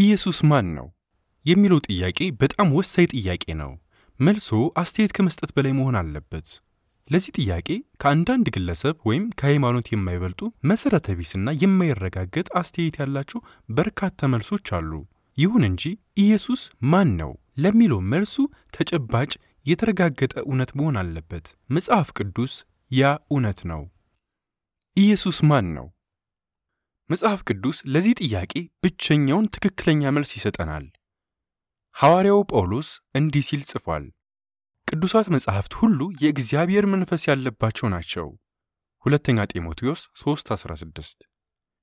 ኢየሱስ ማን ነው የሚለው ጥያቄ በጣም ወሳኝ ጥያቄ ነው። መልሶ አስተያየት ከመስጠት በላይ መሆን አለበት። ለዚህ ጥያቄ ከአንዳንድ ግለሰብ ወይም ከሃይማኖት የማይበልጡ መሠረተ ቢስና የማይረጋገጥ አስተያየት ያላቸው በርካታ መልሶች አሉ። ይሁን እንጂ ኢየሱስ ማን ነው ለሚለው መልሱ ተጨባጭ የተረጋገጠ እውነት መሆን አለበት። መጽሐፍ ቅዱስ ያ እውነት ነው። ኢየሱስ ማን ነው መጽሐፍ ቅዱስ ለዚህ ጥያቄ ብቸኛውን ትክክለኛ መልስ ይሰጠናል። ሐዋርያው ጳውሎስ እንዲህ ሲል ጽፏል። ቅዱሳት መጻሕፍት ሁሉ የእግዚአብሔር መንፈስ ያለባቸው ናቸው። ሁለተኛ ጢሞቴዎስ 3:16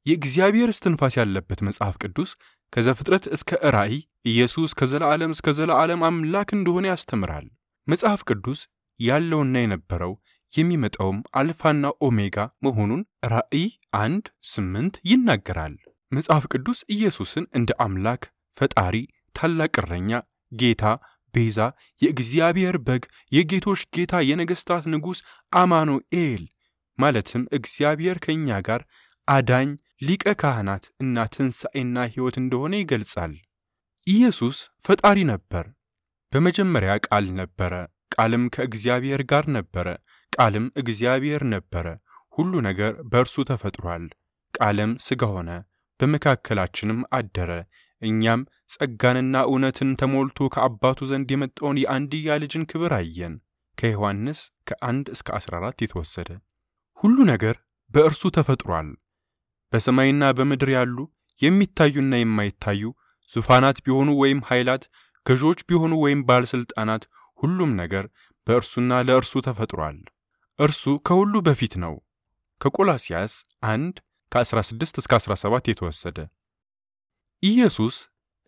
የእግዚአብሔር እስትንፋስ ያለበት መጽሐፍ ቅዱስ ከዘፍጥረት እስከ ራእይ ኢየሱስ ከዘላለም እስከ ዘላለም አምላክ እንደሆነ ያስተምራል። መጽሐፍ ቅዱስ ያለውና የነበረው የሚመጣውም አልፋና ኦሜጋ መሆኑን ራእይ አንድ ስምንት ይናገራል። መጽሐፍ ቅዱስ ኢየሱስን እንደ አምላክ፣ ፈጣሪ፣ ታላቅ እረኛ፣ ጌታ፣ ቤዛ፣ የእግዚአብሔር በግ፣ የጌቶች ጌታ፣ የነገሥታት ንጉሥ፣ አማኑኤል ማለትም እግዚአብሔር ከእኛ ጋር አዳኝ፣ ሊቀ ካህናት እና ትንሣኤና ሕይወት እንደሆነ ይገልጻል። ኢየሱስ ፈጣሪ ነበር። በመጀመሪያ ቃል ነበረ፣ ቃልም ከእግዚአብሔር ጋር ነበረ፣ ቃልም እግዚአብሔር ነበረ፣ ሁሉ ነገር በእርሱ ተፈጥሯል። ቃልም ሥጋ ሆነ፣ በመካከላችንም አደረ። እኛም ጸጋንና እውነትን ተሞልቶ ከአባቱ ዘንድ የመጣውን የአንድያ ልጅን ክብር አየን። ከዮሐንስ ከአንድ እስከ 14 የተወሰደ። ሁሉ ነገር በእርሱ ተፈጥሯል። በሰማይና በምድር ያሉ የሚታዩና የማይታዩ ዙፋናት ቢሆኑ ወይም ኃይላት፣ ገዦች ቢሆኑ ወይም ባለሥልጣናት፣ ሁሉም ነገር በእርሱና ለእርሱ ተፈጥሯል። እርሱ ከሁሉ በፊት ነው። ከቆላስያስ 1 ከ16 እስከ 17 የተወሰደ ኢየሱስ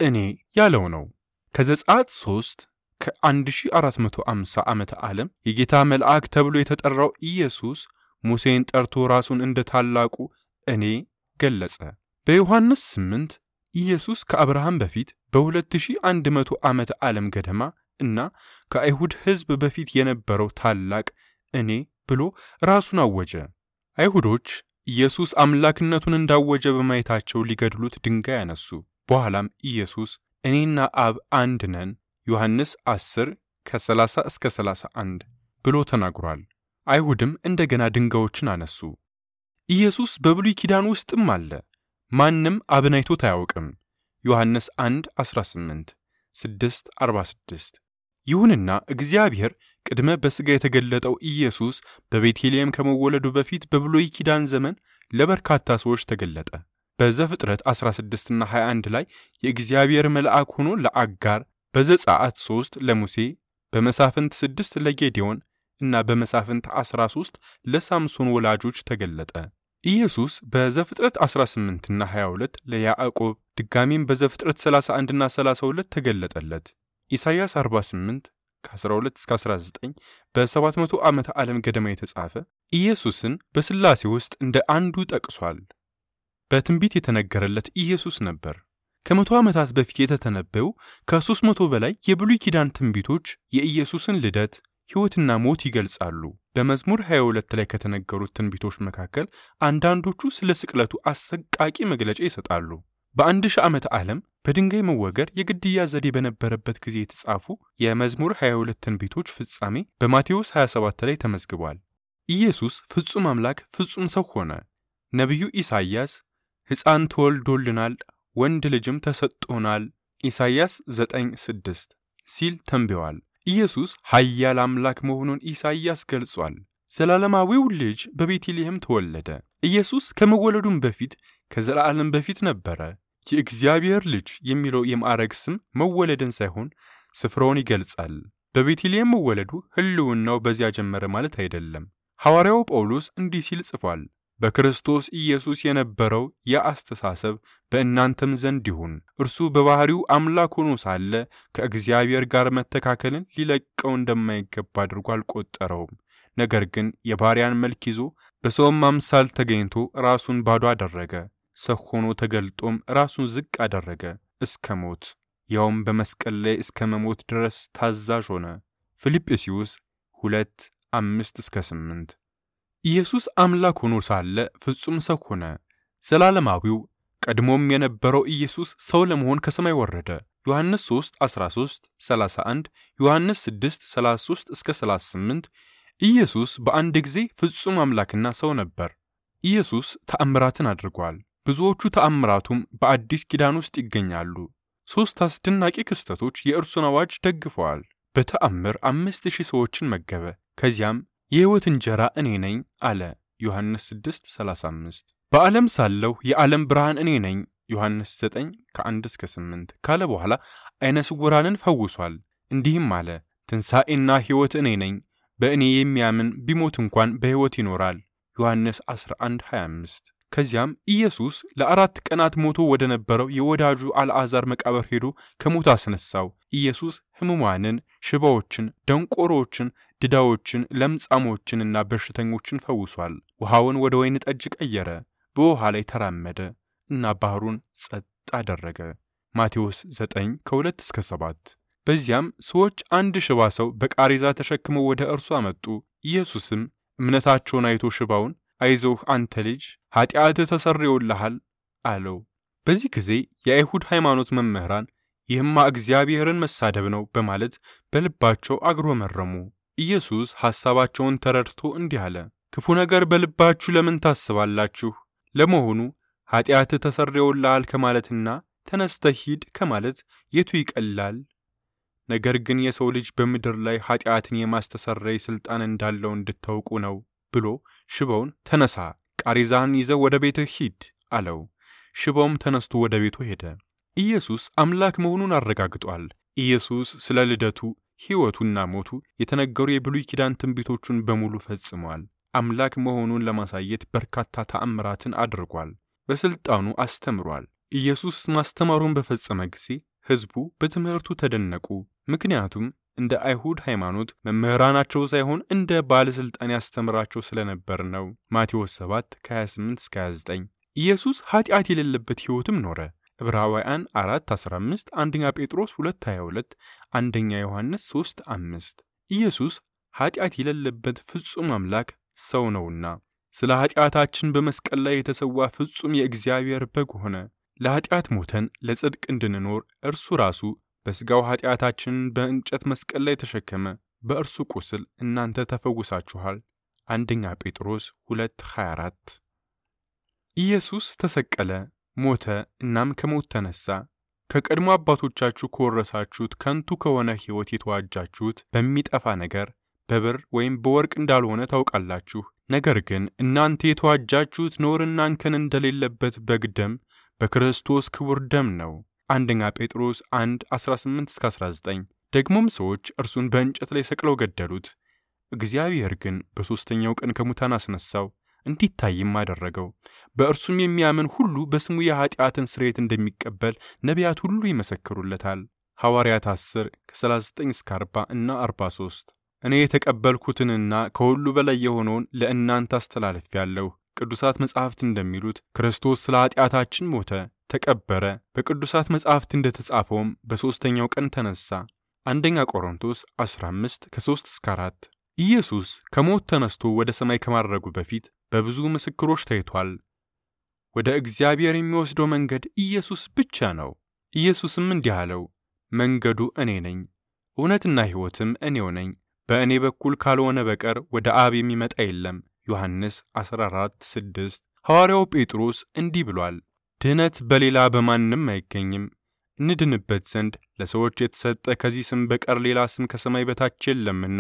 እኔ ያለው ነው። ከዘጸአት 3 ከ1450 ዓመተ ዓለም የጌታ መልአክ ተብሎ የተጠራው ኢየሱስ ሙሴን ጠርቶ ራሱን እንደ ታላቁ እኔ ገለጸ። በዮሐንስ 8 ኢየሱስ ከአብርሃም በፊት በ2100 ዓመተ ዓለም ገደማ እና ከአይሁድ ሕዝብ በፊት የነበረው ታላቅ እኔ ብሎ ራሱን አወጀ። አይሁዶች ኢየሱስ አምላክነቱን እንዳወጀ በማየታቸው ሊገድሉት ድንጋይ አነሱ። በኋላም ኢየሱስ እኔና አብ አንድ ነን ዮሐንስ 10 ከ30 እስከ 31 ብሎ ተናግሯል። አይሁድም እንደገና ድንጋዮችን አነሱ። ኢየሱስ በብሉይ ኪዳን ውስጥም አለ። ማንም አብን አይቶት አያውቅም። ዮሐንስ 1 18 6 46 ይሁንና እግዚአብሔር ቅድመ በሥጋ የተገለጠው ኢየሱስ በቤተልሔም ከመወለዱ በፊት በብሉይ ኪዳን ዘመን ለበርካታ ሰዎች ተገለጠ። በዘፍጥረት 16ና 21 ላይ የእግዚአብሔር መልአክ ሆኖ ለአጋር፣ በዘጸአት 3 ለሙሴ፣ በመሳፍንት 6 ለጌዴዎን እና በመሳፍንት 13 ለሳምሶን ወላጆች ተገለጠ። ኢየሱስ በዘፍጥረት 18ና 22 ለያዕቆብ ድጋሜም በዘፍጥረት 31ና 32 ተገለጠለት። ኢሳይያስ 48 ከ12 እስከ 19 በ700 ዓመተ ዓለም ገደማ የተጻፈ ኢየሱስን በሥላሴ ውስጥ እንደ አንዱ ጠቅሷል። በትንቢት የተነገረለት ኢየሱስ ነበር። ከመቶ ዓመታት በፊት የተተነበዩ ከ መቶ በላይ የብሉይ ኪዳን ትንቢቶች የኢየሱስን ልደት፣ ሕይወትና ሞት ይገልጻሉ። በመዝሙር 22 ላይ ከተነገሩት ትንቢቶች መካከል አንዳንዶቹ ስለ ስቅለቱ አሰቃቂ መግለጫ ይሰጣሉ። በአንድ ሺህ ዓመት ዓለም በድንጋይ መወገር የግድያ ዘዴ በነበረበት ጊዜ የተጻፉ የመዝሙር 22 ትንቢቶች ፍጻሜ በማቴዎስ 27 ላይ ተመዝግቧል። ኢየሱስ ፍጹም አምላክ ፍጹም ሰው ሆነ። ነቢዩ ኢሳይያስ ሕፃን ተወልዶልናል፣ ወንድ ልጅም ተሰጥቶናል ኢሳይያስ 9:6 ሲል ተንብዮአል። ኢየሱስ ኃያል አምላክ መሆኑን ኢሳይያስ ገልጿል። ዘላለማዊው ልጅ በቤተልሔም ተወለደ። ኢየሱስ ከመወለዱም በፊት ከዘላለም በፊት ነበረ። የእግዚአብሔር ልጅ የሚለው የማዕረግ ስም መወለድን ሳይሆን ስፍራውን ይገልጻል። በቤተልሔም መወለዱ ሕልውናው በዚያ ጀመረ ማለት አይደለም። ሐዋርያው ጳውሎስ እንዲህ ሲል ጽፏል። በክርስቶስ ኢየሱስ የነበረው ያ አስተሳሰብ በእናንተም ዘንድ ይሁን። እርሱ በባሕሪው አምላክ ሆኖ ሳለ ከእግዚአብሔር ጋር መተካከልን ሊለቀው እንደማይገባ አድርጎ አልቆጠረውም። ነገር ግን የባሪያን መልክ ይዞ በሰውም አምሳል ተገኝቶ ራሱን ባዶ አደረገ። ሰው ሆኖ ተገልጦም ራሱን ዝቅ አደረገ እስከ ሞት ያውም በመስቀል ላይ እስከ መሞት ድረስ ታዛዥ ሆነ። ፊልጵስዩስ 2 5 እስከ 8 ኢየሱስ አምላክ ሆኖ ሳለ ፍጹም ሰው ሆነ። ዘላለማዊው ቀድሞም የነበረው ኢየሱስ ሰው ለመሆን ከሰማይ ወረደ። ዮሐንስ 3 13 31 ዮሐንስ 6 33 እስከ 38 ኢየሱስ በአንድ ጊዜ ፍጹም አምላክና ሰው ነበር። ኢየሱስ ተአምራትን አድርጓል። ብዙዎቹ ተአምራቱም በአዲስ ኪዳን ውስጥ ይገኛሉ። ሦስት አስደናቂ ክስተቶች የእርሱን አዋጅ ደግፈዋል። በተአምር አምስት ሺህ ሰዎችን መገበ። ከዚያም የሕይወት እንጀራ እኔ ነኝ አለ ዮሐንስ 35 በዓለም ሳለሁ የዓለም ብርሃን እኔ ነኝ ዮሐንስ 9 ከ1 እስከ 8 ካለ በኋላ ዐይነ ስውራንን ፈውሷል። እንዲህም አለ ትንሣኤና ሕይወት እኔ ነኝ፣ በእኔ የሚያምን ቢሞት እንኳን በሕይወት ይኖራል ዮሐንስ 11 25 ከዚያም ኢየሱስ ለአራት ቀናት ሞቶ ወደ ነበረው የወዳጁ አልዓዛር መቃብር ሄዶ ከሞት አስነሳው። ኢየሱስ ሕሙማንን፣ ሽባዎችን፣ ደንቆሮዎችን፣ ድዳዎችን፣ ለምጻሞችንና በሽተኞችን ፈውሷል። ውሃውን ወደ ወይን ጠጅ ቀየረ። በውሃ ላይ ተራመደ እና ባህሩን ጸጥ አደረገ። ማቴዎስ 9 ከ2 እስከ 7። በዚያም ሰዎች አንድ ሽባ ሰው በቃሬዛ ተሸክመው ወደ እርሱ አመጡ። ኢየሱስም እምነታቸውን አይቶ ሽባውን አይዞህ አንተ ልጅ ኃጢአትህ ተሰርዮልሃል አለው። በዚህ ጊዜ የአይሁድ ሃይማኖት መምህራን ይህማ እግዚአብሔርን መሳደብ ነው በማለት በልባቸው አግሮመረሙ። ኢየሱስ ሐሳባቸውን ተረድቶ እንዲህ አለ፣ ክፉ ነገር በልባችሁ ለምን ታስባላችሁ? ለመሆኑ ኃጢአትህ ተሰርዮልሃል ከማለትና ተነስተህ ሂድ ከማለት የቱ ይቀላል? ነገር ግን የሰው ልጅ በምድር ላይ ኃጢአትን የማስተሰረይ ሥልጣን እንዳለው እንድታውቁ ነው። ብሎ ሽበውን ተነሳ፣ ቃሪዛን ይዘው ወደ ቤትህ ሂድ አለው። ሽበውም ተነስቶ ወደ ቤቱ ሄደ። ኢየሱስ አምላክ መሆኑን አረጋግጧል። ኢየሱስ ስለ ልደቱ፣ ሕይወቱና ሞቱ የተነገሩ የብሉይ ኪዳን ትንቢቶቹን በሙሉ ፈጽሟል። አምላክ መሆኑን ለማሳየት በርካታ ተአምራትን አድርጓል። በሥልጣኑ አስተምሯል። ኢየሱስ ማስተማሩን በፈጸመ ጊዜ ሕዝቡ በትምህርቱ ተደነቁ። ምክንያቱም እንደ አይሁድ ሃይማኖት መምህራናቸው ሳይሆን እንደ ባለሥልጣን ያስተምራቸው ስለነበር ነው። ማቴዎስ 7 ከ28-29 ኢየሱስ ኃጢአት የሌለበት ሕይወትም ኖረ። ዕብራውያን 4 15፣ አንደኛ ጴጥሮስ 2 22፣ አንደኛ ዮሐንስ 3 5 ኢየሱስ ኃጢአት የሌለበት ፍጹም አምላክ ሰው ነውና ስለ ኃጢአታችን በመስቀል ላይ የተሰዋ ፍጹም የእግዚአብሔር በግ ሆነ። ለኃጢአት ሞተን ለጽድቅ እንድንኖር እርሱ ራሱ በሥጋው ኃጢአታችንን በእንጨት መስቀል ላይ ተሸከመ። በእርሱ ቁስል እናንተ ተፈውሳችኋል። አንደኛ ጴጥሮስ 2:24 ኢየሱስ ተሰቀለ፣ ሞተ፣ እናም ከሞት ተነሳ። ከቀድሞ አባቶቻችሁ ከወረሳችሁት ከንቱ ከሆነ ሕይወት የተዋጃችሁት በሚጠፋ ነገር በብር ወይም በወርቅ እንዳልሆነ ታውቃላችሁ። ነገር ግን እናንተ የተዋጃችሁት ነውርና እንከን እንደሌለበት በግ ደም፣ በክርስቶስ ክቡር ደም ነው። አንደኛ ጴጥሮስ 1 18-19 ደግሞም ሰዎች እርሱን በእንጨት ላይ ሰቅለው ገደሉት። እግዚአብሔር ግን በሦስተኛው ቀን ከሙታን አስነሳው፣ እንዲታይም አደረገው። በእርሱም የሚያምን ሁሉ በስሙ የኀጢአትን ስርየት እንደሚቀበል ነቢያት ሁሉ ይመሰክሩለታል። ሐዋርያት 10 ከ39 እስከ 40 እና 43 እኔ የተቀበልኩትንና ከሁሉ በላይ የሆነውን ለእናንተ አስተላልፌአለሁ። ቅዱሳት መጻሕፍት እንደሚሉት ክርስቶስ ስለ ኀጢአታችን ሞተ ተቀበረ፣ በቅዱሳት መጻሕፍት እንደተጻፈውም በሦስተኛው ቀን ተነሣ። አንደኛ ቆሮንቶስ 15 ከ3 እስከ 4። ኢየሱስ ከሞት ተነስቶ ወደ ሰማይ ከማድረጉ በፊት በብዙ ምስክሮች ታይቷል። ወደ እግዚአብሔር የሚወስደው መንገድ ኢየሱስ ብቻ ነው። ኢየሱስም እንዲህ አለው፣ መንገዱ እኔ ነኝ፣ እውነትና ሕይወትም እኔው ነኝ። በእኔ በኩል ካልሆነ በቀር ወደ አብ የሚመጣ የለም። ዮሐንስ 14 6 ሐዋርያው ጴጥሮስ እንዲህ ብሏል፣ ድህነት በሌላ በማንም አይገኝም። እንድንበት ዘንድ ለሰዎች የተሰጠ ከዚህ ስም በቀር ሌላ ስም ከሰማይ በታች የለምና።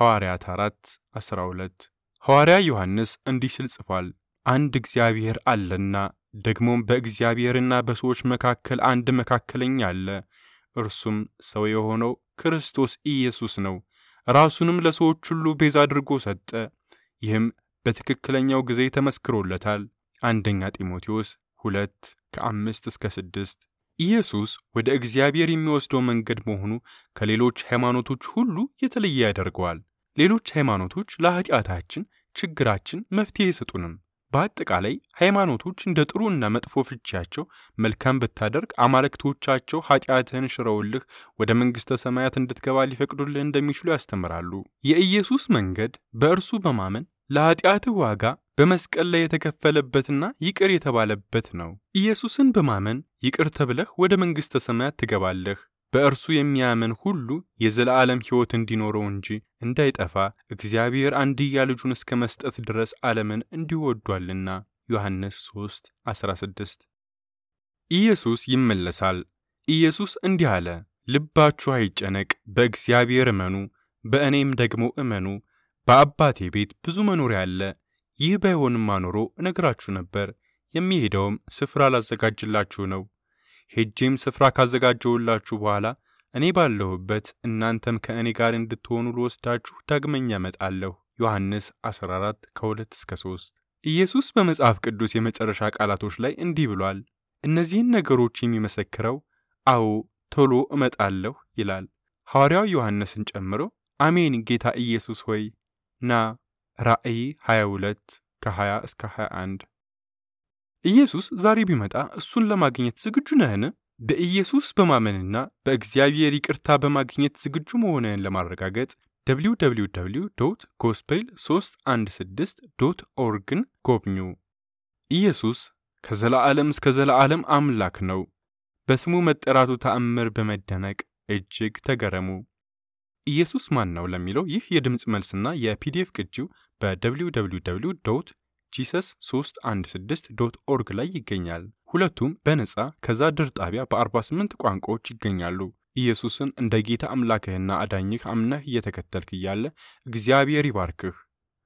ሐዋርያት 4 12 ሐዋርያ ዮሐንስ እንዲህ ስል ጽፏል። አንድ እግዚአብሔር አለና ደግሞም በእግዚአብሔርና በሰዎች መካከል አንድ መካከለኛ አለ፣ እርሱም ሰው የሆነው ክርስቶስ ኢየሱስ ነው። ራሱንም ለሰዎች ሁሉ ቤዛ አድርጎ ሰጠ። ይህም በትክክለኛው ጊዜ ተመስክሮለታል። አንደኛ ጢሞቴዎስ ሁለት ከአምስት እስከ ስድስት ኢየሱስ ወደ እግዚአብሔር የሚወስደው መንገድ መሆኑ ከሌሎች ሃይማኖቶች ሁሉ የተለየ ያደርገዋል። ሌሎች ሃይማኖቶች ለኃጢአታችን፣ ችግራችን መፍትሄ አይሰጡንም። በአጠቃላይ ሃይማኖቶች እንደ ጥሩና መጥፎ ፍቻቸው መልካም ብታደርግ አማልክቶቻቸው ኃጢአትህን ሽረውልህ ወደ መንግሥተ ሰማያት እንድትገባ ሊፈቅዱልህ እንደሚችሉ ያስተምራሉ። የኢየሱስ መንገድ በእርሱ በማመን ለኃጢአትህ ዋጋ በመስቀል ላይ የተከፈለበትና ይቅር የተባለበት ነው። ኢየሱስን በማመን ይቅር ተብለህ ወደ መንግሥተ ሰማያት ትገባለህ። በእርሱ የሚያምን ሁሉ የዘላለም ሕይወት እንዲኖረው እንጂ እንዳይጠፋ እግዚአብሔር አንድያ ልጁን እስከ መስጠት ድረስ ዓለምን እንዲወዷልና ዮሐንስ 3 16 ኢየሱስ ይመለሳል። ኢየሱስ እንዲህ አለ፣ ልባችሁ አይጨነቅ፣ በእግዚአብሔር እመኑ፣ በእኔም ደግሞ እመኑ በአባቴ ቤት ብዙ መኖሪያ አለ። ይህ ባይሆንም አኖሮ እነግራችሁ ነበር። የሚሄደውም ስፍራ ላዘጋጅላችሁ ነው። ሄጄም ስፍራ ካዘጋጀውላችሁ በኋላ እኔ ባለሁበት እናንተም ከእኔ ጋር እንድትሆኑ ልወስዳችሁ ዳግመኛ እመጣለሁ። ዮሐንስ 14 ከ2 እስከ 3። ኢየሱስ በመጽሐፍ ቅዱስ የመጨረሻ ቃላቶች ላይ እንዲህ ብሏል። እነዚህን ነገሮች የሚመሰክረው አዎ ቶሎ እመጣለሁ ይላል። ሐዋርያው ዮሐንስን ጨምሮ አሜን ጌታ ኢየሱስ ሆይ ና ራእይ 22 ከ20 እስከ 21 ኢየሱስ ዛሬ ቢመጣ እሱን ለማግኘት ዝግጁ ነህን? በኢየሱስ በማመንና በእግዚአብሔር ይቅርታ በማግኘት ዝግጁ መሆንህን ለማረጋገጥ www ጎስፔል 316 ዶት ኦርግን ጎብኙ። ኢየሱስ ከዘላዓለም እስከ ዘላዓለም አምላክ ነው። በስሙ መጠራቱ ተአምር በመደነቅ እጅግ ተገረሙ። ኢየሱስ ማን ነው ለሚለው ይህ የድምፅ መልስና የፒዲኤፍ ቅጂው በwww ዶት ጂሰስ 316 ዶት ኦርግ ላይ ይገኛል። ሁለቱም በነፃ ከዛ ድር ጣቢያ በ48 ቋንቋዎች ይገኛሉ። ኢየሱስን እንደ ጌታ አምላክህና አዳኝህ አምነህ እየተከተልክ እያለ እግዚአብሔር ይባርክህ።